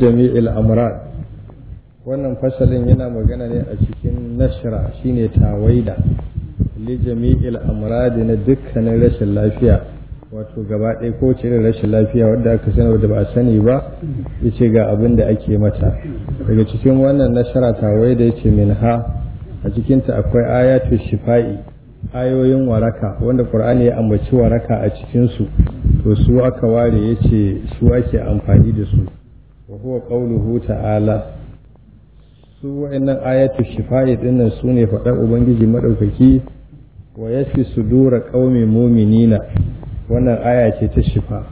jami'il amrad wannan fasalin yana magana ne a cikin nashra shine tawaida li jami'il amrad na dukkanin rashin lafiya wato gaba ɗaya ko cire rashin lafiya wadda aka sani wanda ba a sani ba yace ga abin da ake mata daga cikin wannan nashra tawaida yace minha a cikinta akwai ayatul shifa'i ayoyin waraka wanda qur'ani ya ambaci waraka a cikin su to su aka ware yace su ake amfani da su wa huwa qawluhu ta'ala su wa'annan ayatu shifa'i dinnan sune faɗa ubangiji madaukaki wa yashfi sudura qaumi mu'minina wannan aya ce ta shifa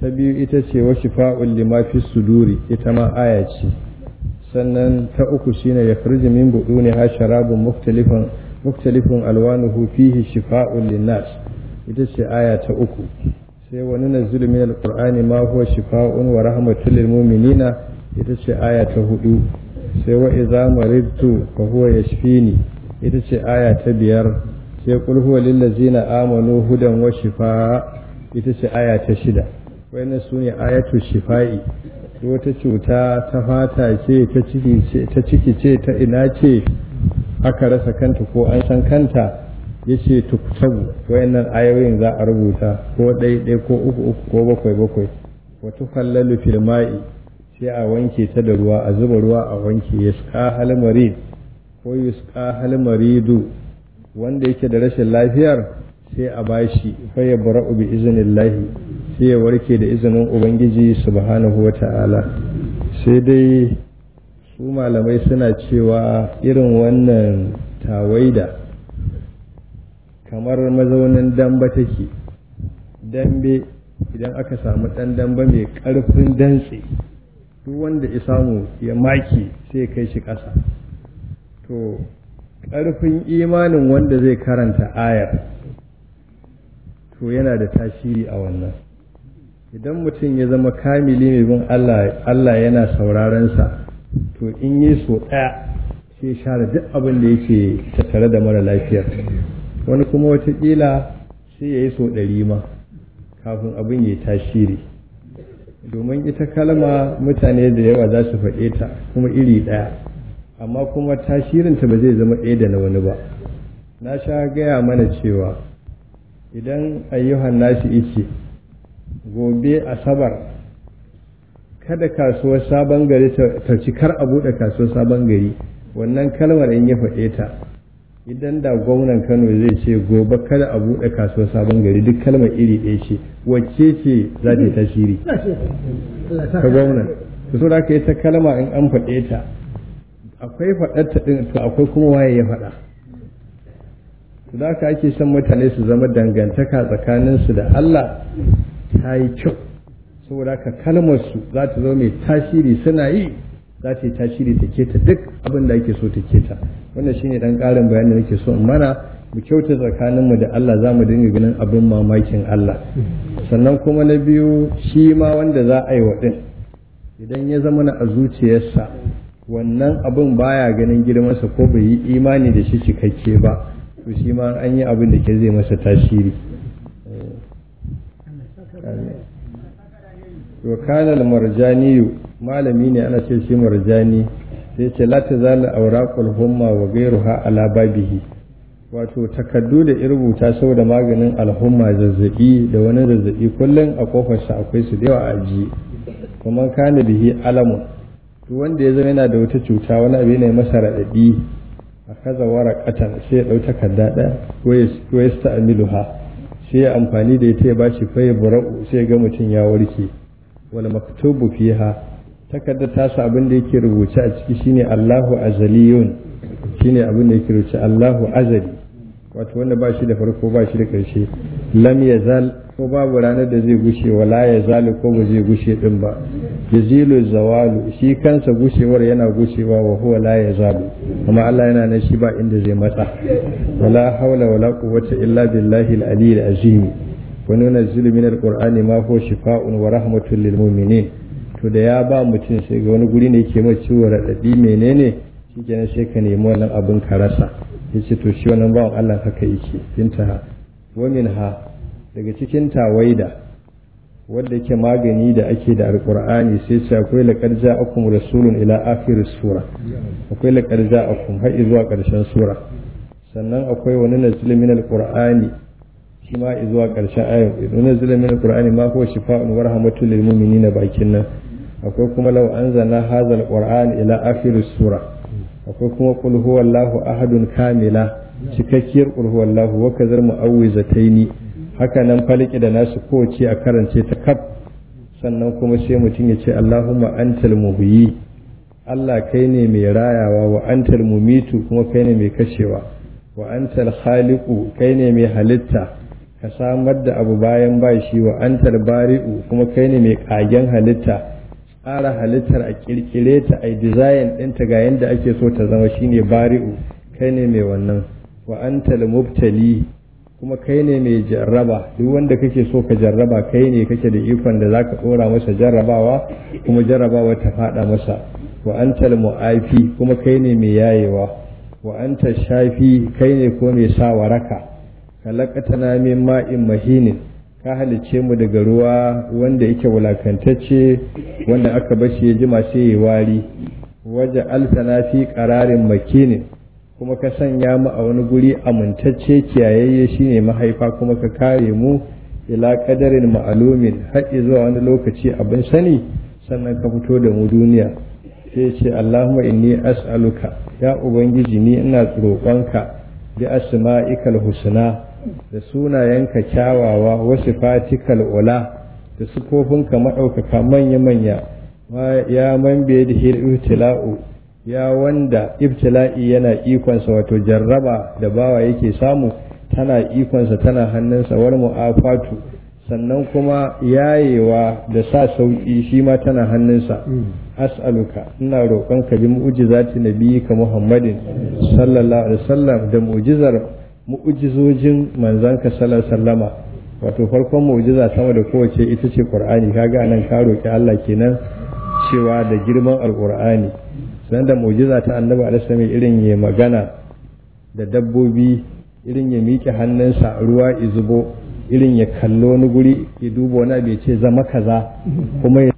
ta biyu ita ce wa shifa'ul lima fi suduri ita ma aya ce sannan ta uku shine yakhruju min buduni ha sharabun muftalifan muftalifun alwanuhu fihi shifa'ul linnas ita ce aya ta uku sai wani nazilu min alqur'ani ma huwa shifa'un wa rahmatul mu'minina ita ce aya ta hudu sai wa iza maridtu fa huwa yashfini ita ce aya ta biyar sai qul huwa lil ladzina amanu hudan wa shifaa ita ce aya ta shida wannan sune ayatu shifa'i wata cuta ta fata ce ta ciki ce ta ina ce aka rasa kanta ko an san kanta yace ce tuktabu wayannan ayoyin za a rubuta ko ɗaya ɗaya ko uku uku ko bakwai bakwai wata kallalu fil ma'i sai a wanke ta da ruwa a zuba ruwa a wanke yasqa hal marid ko yasqa hal maridu wanda yake da rashin lafiyar sai a bashi fa ya bara'u bi iznillahi sai ya warke da izinin ubangiji subhanahu ta'ala sai dai su malamai suna cewa irin wannan tawaida kamar mazaunin damba take dambe idan aka samu ɗan damba mai ƙarfin dantse duk wanda ya samu ya maki sai kai shi ƙasa to ƙarfin imanin wanda zai karanta ayar to yana da tasiri a wannan idan mutum ya zama kamili mai bin Allah yana saurarensa to in yi so ɗaya sai share duk abin da yake tattare da mara lafiyar wani kuma watakila sai ya yi so ɗari ma kafin abin ya tashiri domin ita kalma mutane da yawa za su faɗe ta kuma iri ɗaya amma kuma tashirinta ba zai zama ɗaya da na wani ba na sha gaya mana cewa idan ayyuhan nashi ice gobe asabar kada kasuwar sabon gari ta ci kar a buɗe kasuwar sabon gari wannan kalmar in ya faɗe ta idan da gwamnan kano zai ce gobe kada a buɗe kasuwar sabon gari duk kalmar iri ɗaya ce wacce ce za ta yi tashiri ta gwamnan ta so ka yi ta kalma in an faɗe ta akwai faɗar ta ɗin to akwai kuma waye ya faɗa to da haka ake son mutane su zama dangantaka tsakanin su da Allah ta yi kyau saboda ka kalmar su za ta zama mai tasiri suna yi za ta yi tashiri ta keta duk abin da ake so ta keta wannan shine dan karin bayanin da nake so in mana mu kyauta tsakanin mu da Allah za mu dinga ganin abin mamakin Allah sannan kuma na biyu shi ma wanda za a yi wa din idan ya zama na a zuciyarsa wannan abin baya ganin girmansa ko bai yi imani da shi cikakke ba to shi ma an yi abin da ke zai masa tasiri al-marjani malami ne ana ce shi marjani sai ce la zala auraqul humma wa ghayruha ala babihi wato takaddu da irbuta saboda maganin alhumma zazzabi da wani zazzabi kullum a kofarsa akwai su da yawa a ajiye kuma kana bihi alamun to wanda ya zama yana da wata cuta wani abu ne masa raɗaɗi a kaza waraqatan sai ya ɗau takarda da ko ya sta'miluha sai ya amfani da ita ya bashi fa ya bura'u sai ga mutum ya warke wala maktubu fiha takardar tasu abin da yake rubuce a ciki shine Allahu azaliyun shine abin da yake rubuce Allahu azali wato wanda ba shi da farko ba shi da ƙarshe lam yazal ko babu ranar da zai gushe wala yazalu ko ba zai gushe din ba yazilu zawalu shi kansa gushewar yana gushewa wa huwa la yazalu amma Allah yana nan shi ba inda zai matsa wala haula wala quwwata illa billahi al-aliyyil azim wa nunazzilu min al-qur'ani ma huwa shifaa'un wa rahmatun lil mu'minin to da ya ba mutum sai ga wani guri ne ke mai ciwo raɗaɗi menene shi kenan sai ka nemi wannan abin ka rasa ya ce to shi wannan bawan Allah haka yake binta wa ha daga cikin tawaida wanda yake magani da ake da alqur'ani sai ce akwai laqad ja'akum rasulun ila akhir sura akwai laqad ja'akum har zuwa karshen sura sannan akwai wani nazil min alqur'ani shi ma zuwa karshen ayin wani nazil min alqur'ani ma huwa shifa'un wa rahmatul lil mu'minina bakin nan akwai kuma lau anzalna hazal qur'an ila akhir sura akwai kuma qul huwallahu ahadun kamila cikakkiyar qul huwallahu wa kazar mu'awwizataini haka nan falki da nasu kowace a karance ta kaf sannan kuma sai mutum ya ce Allahumma antal muhyi Allah kai ne mai rayawa wa antal mumitu kuma kai ne mai kashewa wa antal khaliqu kai ne mai halitta ka samar da abu bayan bashi wa'antar wa antal bari'u kuma kai ne mai kagen halitta tsara halittar a kirkire ta a design ɗinta ga yadda ake so ta zama shine bari'u kai ne mai wannan wa antal mubtali kuma kai ne mai jarraba duk wanda kake so ka jarraba kai ne kake da ikon da za ka dora masa jarrabawa kuma jarrabawa ta faɗa masa wa antal mu'afi kuma kai ne mai yayewa wa anta shafi kai ne ko mai sa waraka kalaqatana min ma'in mahinin ka halice mu daga ruwa wanda yake wulakantacce wanda aka bashi ya jima sai ya wari waje alsana fi qararin makinin kuma ka sanya mu a wani guri amintacce kiyayayye shine mahaifa kuma ka kare mu ila kadarin ma'alumin har zuwa wani lokaci abin sani sannan ka fito da mu duniya sai ce Allahumma inni as'aluka ya ubangiji ni ina tsoronka bi asma'ikal husna da sunayenka kyawawa wasu fatikal ula da sufofinka maɗaukaka manya-manya ya man biye da ibtila'u ya wanda ibtila'i yana ikonsa wato jarraba da bawa yake samu tana ikonsa tana hannunsa wani mu'afatu sannan kuma yayewa da sa sauƙi shi ma tana hannunsa as'aluka ina ka bi mu'jizati nabiyyika muhammadin sallallahu alaihi wasallam da mu'jizar mu'ujizojin manzanka sallallahu alaihi wato farkon mu'ujiza sama da kowace ita ce qur'ani kaga anan ka roki Allah kenan cewa da girman alqur'ani sanan da mu'jiza ta annabi alaihi irin ya magana da dabbobi irin ya miƙe hannunsa ruwa izubo irin ya kallo wani guri ya duba wani abu ya ce zama kaza kuma ya